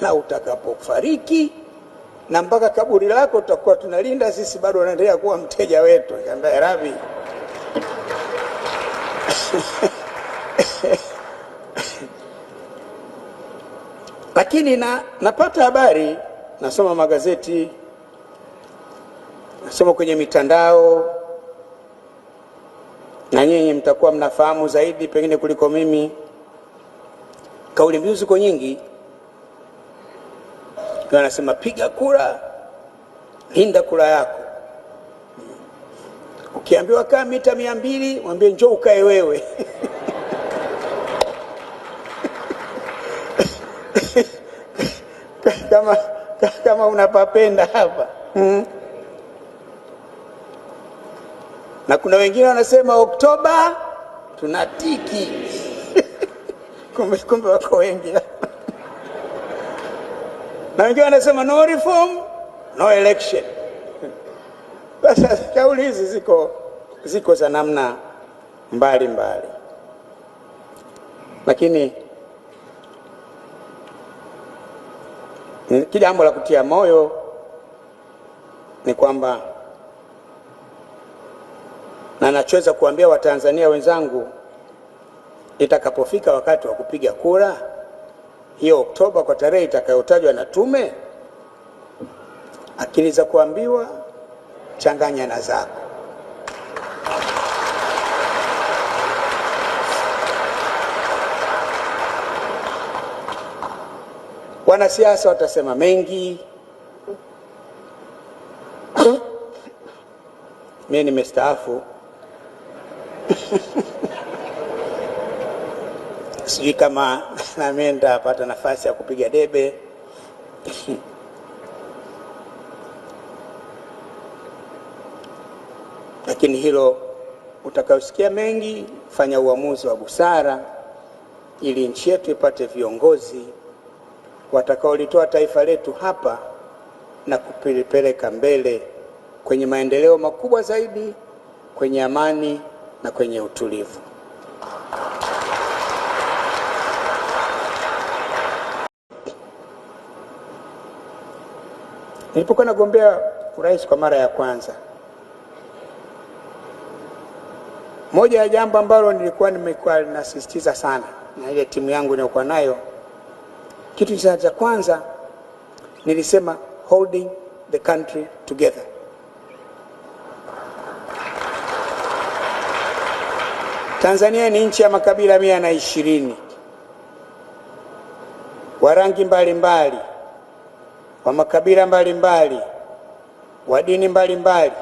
na utakapofariki na mpaka kaburi lako tutakuwa tunalinda sisi, bado wanaendelea kuwa mteja wetu. Nikamwambia Rabi, lakini na, napata habari, nasoma magazeti, nasoma kwenye mitandao, na nyinyi mtakuwa mnafahamu zaidi pengine kuliko mimi. Kauli mbiu ziko nyingi na anasema piga kura, linda kura yako. Ukiambiwa kaa mita mia mbili, mwambie njoo ukae wewe kama, kama unapapenda hapa hmm? Na kuna wengine wanasema Oktoba tunatiki kumbe kumbe wako wengi hapa na wengine wanasema no reform no election. Sasa kauli hizi ziko ziko za namna mbalimbali, lakini kijambo la kutia moyo ni kwamba na nachoweza kuambia Watanzania wenzangu, itakapofika wakati wa kupiga kura hiyo Oktoba kwa tarehe itakayotajwa na tume? Akili za kuambiwa changanya na zako. Wanasiasa watasema mengi. Mimi nimestaafu. sijui kama nami nitapata nafasi ya kupiga debe lakini hilo utakayosikia mengi, fanya uamuzi wa busara ili nchi yetu ipate viongozi watakaolitoa taifa letu hapa na kupeleka mbele kwenye maendeleo makubwa zaidi, kwenye amani na kwenye utulivu. Nilipokuwa nagombea urais kwa mara ya kwanza, moja ya jambo ambalo nilikuwa nimekuwa ninasisitiza sana na ile timu yangu inayokuwa nayo, kitu cha kwanza nilisema holding the country together. Tanzania ni nchi ya makabila mia na ishirini wa rangi mbalimbali wa makabila mbalimbali wa dini mbalimbali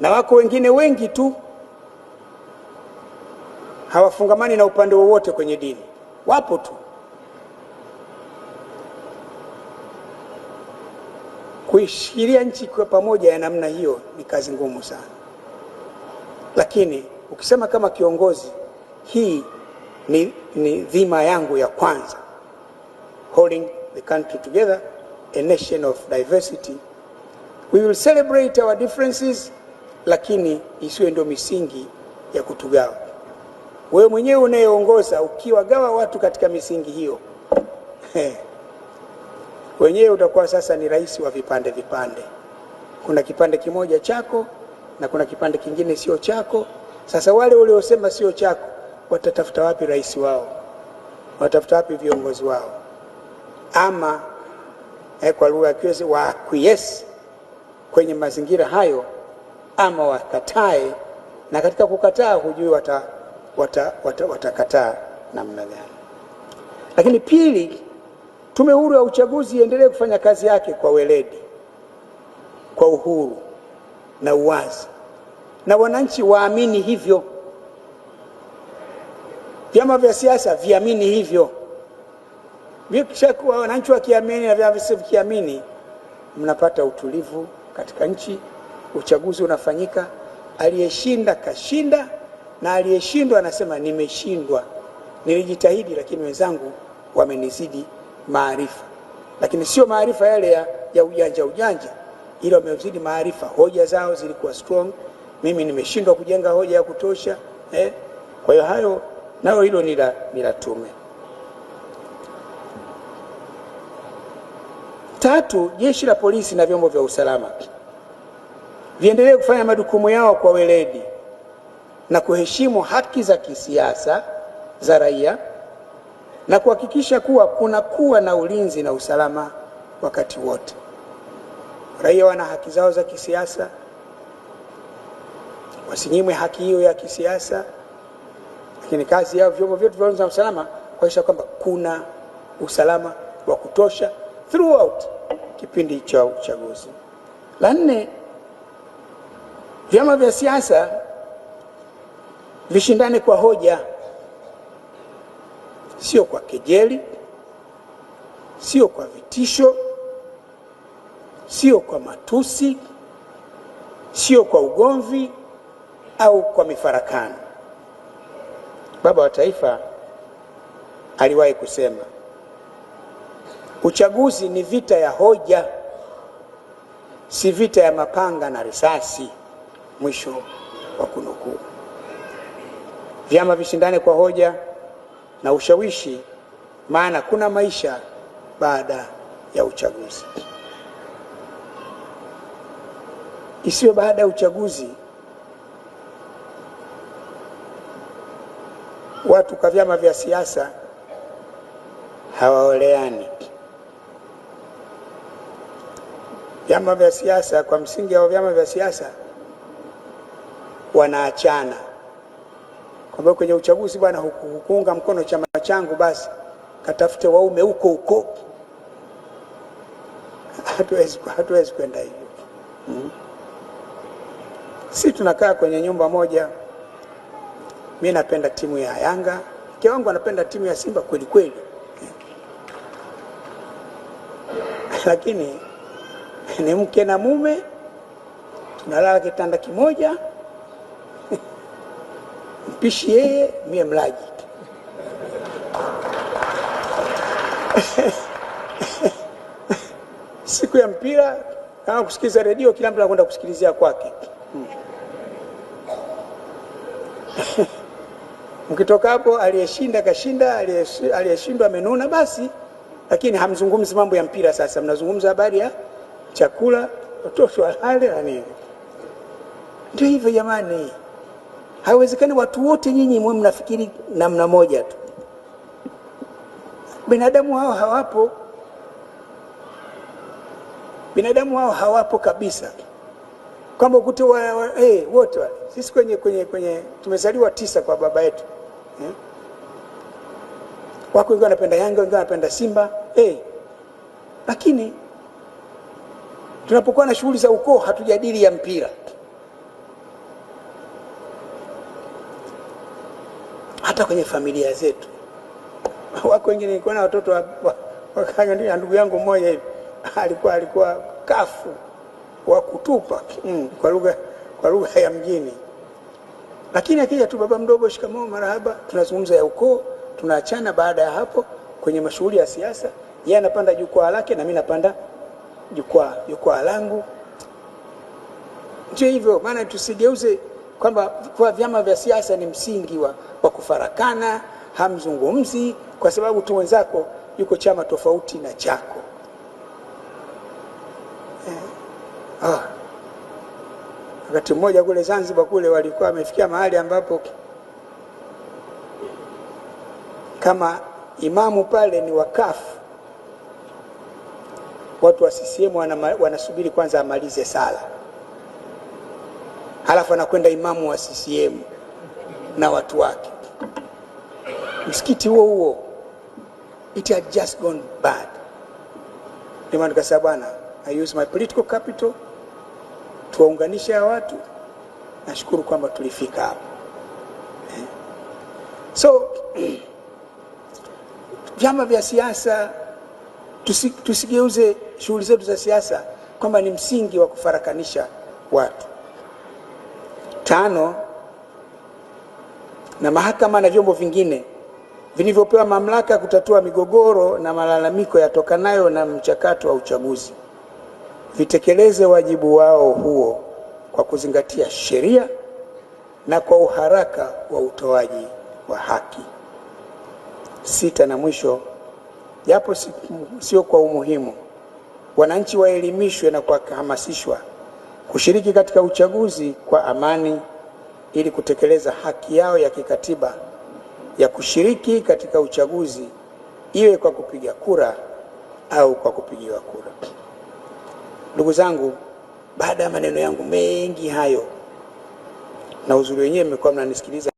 na wako wengine wengi tu hawafungamani na upande wowote kwenye dini, wapo tu. Kuishikilia nchi kwa pamoja ya namna hiyo ni kazi ngumu sana, lakini ukisema kama kiongozi, hii ni, ni dhima yangu ya kwanza holding the country together a nation of diversity. We will celebrate our differences, lakini isiwe ndio misingi ya kutugawa. Wewe mwenyewe unayeongoza ukiwagawa watu katika misingi hiyo wenyewe utakuwa sasa ni rais wa vipande vipande. Kuna kipande kimoja chako na kuna kipande kingine sio chako. Sasa wale waliosema sio chako watatafuta wapi rais wao? Watatafuta wapi viongozi wao? ama eh, kwa lugha ya wa waaquiesce kwenye mazingira hayo ama wakatae, na katika kukataa hujui watakataa wata, wata, wata namna gani. Lakini pili, tume huru ya uchaguzi iendelee kufanya kazi yake kwa weledi, kwa uhuru na uwazi, na wananchi waamini hivyo, vyama vya siasa viamini hivyo. Wananchi wakiamini na vyama visivyokiamini, mnapata utulivu katika nchi. Uchaguzi unafanyika, aliyeshinda kashinda, na aliyeshindwa anasema nimeshindwa, nilijitahidi, lakini wenzangu wamenizidi maarifa, lakini sio maarifa yale ya, ya ujanja ujanja, ili wamezidi maarifa. Hoja zao zilikuwa strong, mimi nimeshindwa kujenga hoja ya kutosha eh. Kwa hiyo hayo nayo hilo ni la tume. Tatu, jeshi la polisi na vyombo vya usalama viendelee kufanya majukumu yao kwa weledi na kuheshimu haki za kisiasa za raia na kuhakikisha kuwa kuna kuwa na ulinzi na usalama wakati wote. Raia wana haki zao za kisiasa, wasinyimwe haki hiyo ya kisiasa, lakini kazi yao vyombo vyetu vya ulinzi na usalama kuhakikisha kwamba kuna usalama wa kutosha throughout kipindi cha uchaguzi. La nne, vyama vya siasa vishindane kwa hoja, sio kwa kejeli, sio kwa vitisho, sio kwa matusi, sio kwa ugomvi au kwa mifarakano. Baba wa Taifa aliwahi kusema Uchaguzi ni vita ya hoja, si vita ya mapanga na risasi. Mwisho wa kunukuu. Vyama vishindane kwa hoja na ushawishi, maana kuna maisha baada ya uchaguzi. Isiwe baada ya uchaguzi watu kwa vyama vya siasa hawaoleani. vyama vya siasa kwa msingi wa vyama vya siasa wanaachana, kwamba kwenye uchaguzi bwana, hukuunga mkono chama changu, basi katafute waume huko huko. Hatuwezi, hatuwezi kwenda hivyo hmm. Si tunakaa kwenye nyumba moja. Mi napenda timu ya Yanga, mke wangu anapenda timu ya Simba kweli kweli, lakini ni mke na mume, tunalala kitanda kimoja, mpishi yeye, mie mlaji. siku ya mpira kama kusikiliza redio, kila mtu anakwenda kusikilizia kwake. Mkitoka hapo, aliyeshinda kashinda, aliyeshindwa amenuna, basi. Lakini hamzungumzi mambo ya mpira, sasa mnazungumza habari ya chakula watoto walale na nini. Ndio hivyo jamani, haiwezekani watu wote nyinyi mwe mnafikiri namna moja tu. Binadamu hao hawapo, binadamu hao hawapo kabisa, kwamba ukute hey, eh, wote sisi kwenye, kwenye, kwenye tumezaliwa tisa kwa baba yetu eh? Wako wengi wanapenda Yanga, wengi wanapenda Simba hey. Eh. Lakini Tunapokuwa na shughuli za ukoo hatujadili ya mpira, hata kwenye familia zetu wako wengine. Nilikuwa na watoto wa, wa, wa, na ndugu yangu mmoja hivi alikuwa alikuwa kafu wa kutupa mm, kwa lugha kwa lugha ya mjini, lakini akija tu baba mdogo, shikamoo, marahaba, tunazungumza ya ukoo, tunaachana. Baada ya hapo kwenye mashughuli ya siasa, yeye anapanda jukwaa lake na mimi napanda jukwaa jukwaa langu. Ndio hivyo maana, tusigeuze kwamba kwa vyama vya siasa ni msingi wa, wa kufarakana. Hamzungumzi kwa sababu tu wenzako yuko chama tofauti na chako eh. ah. Wakati mmoja kule Zanzibar kule walikuwa wamefikia mahali ambapo kama imamu pale ni wakafu watu wa CCM wanasubiri kwanza amalize sala, halafu anakwenda imamu wa CCM na watu wake msikiti huo huo, it had just gone bad. Ndio nikasema bwana, I use my political capital tuwaunganishe hawa watu. Nashukuru kwamba tulifika hapo eh. So vyama vya siasa tusigeuze shughuli zetu za siasa kwamba ni msingi wa kufarakanisha watu. Tano, na mahakama na vyombo vingine vilivyopewa mamlaka ya kutatua migogoro na malalamiko yatokanayo na mchakato wa uchaguzi vitekeleze wajibu wao huo kwa kuzingatia sheria na kwa uharaka wa utoaji wa haki. Sita na mwisho, japo sio kwa umuhimu wananchi waelimishwe na kuhamasishwa kushiriki katika uchaguzi kwa amani ili kutekeleza haki yao ya kikatiba ya kushiriki katika uchaguzi, iwe kwa kupiga kura au kwa kupigiwa kura. Ndugu zangu, baada ya maneno yangu mengi hayo, na uzuri wenyewe mmekuwa mnanisikiliza.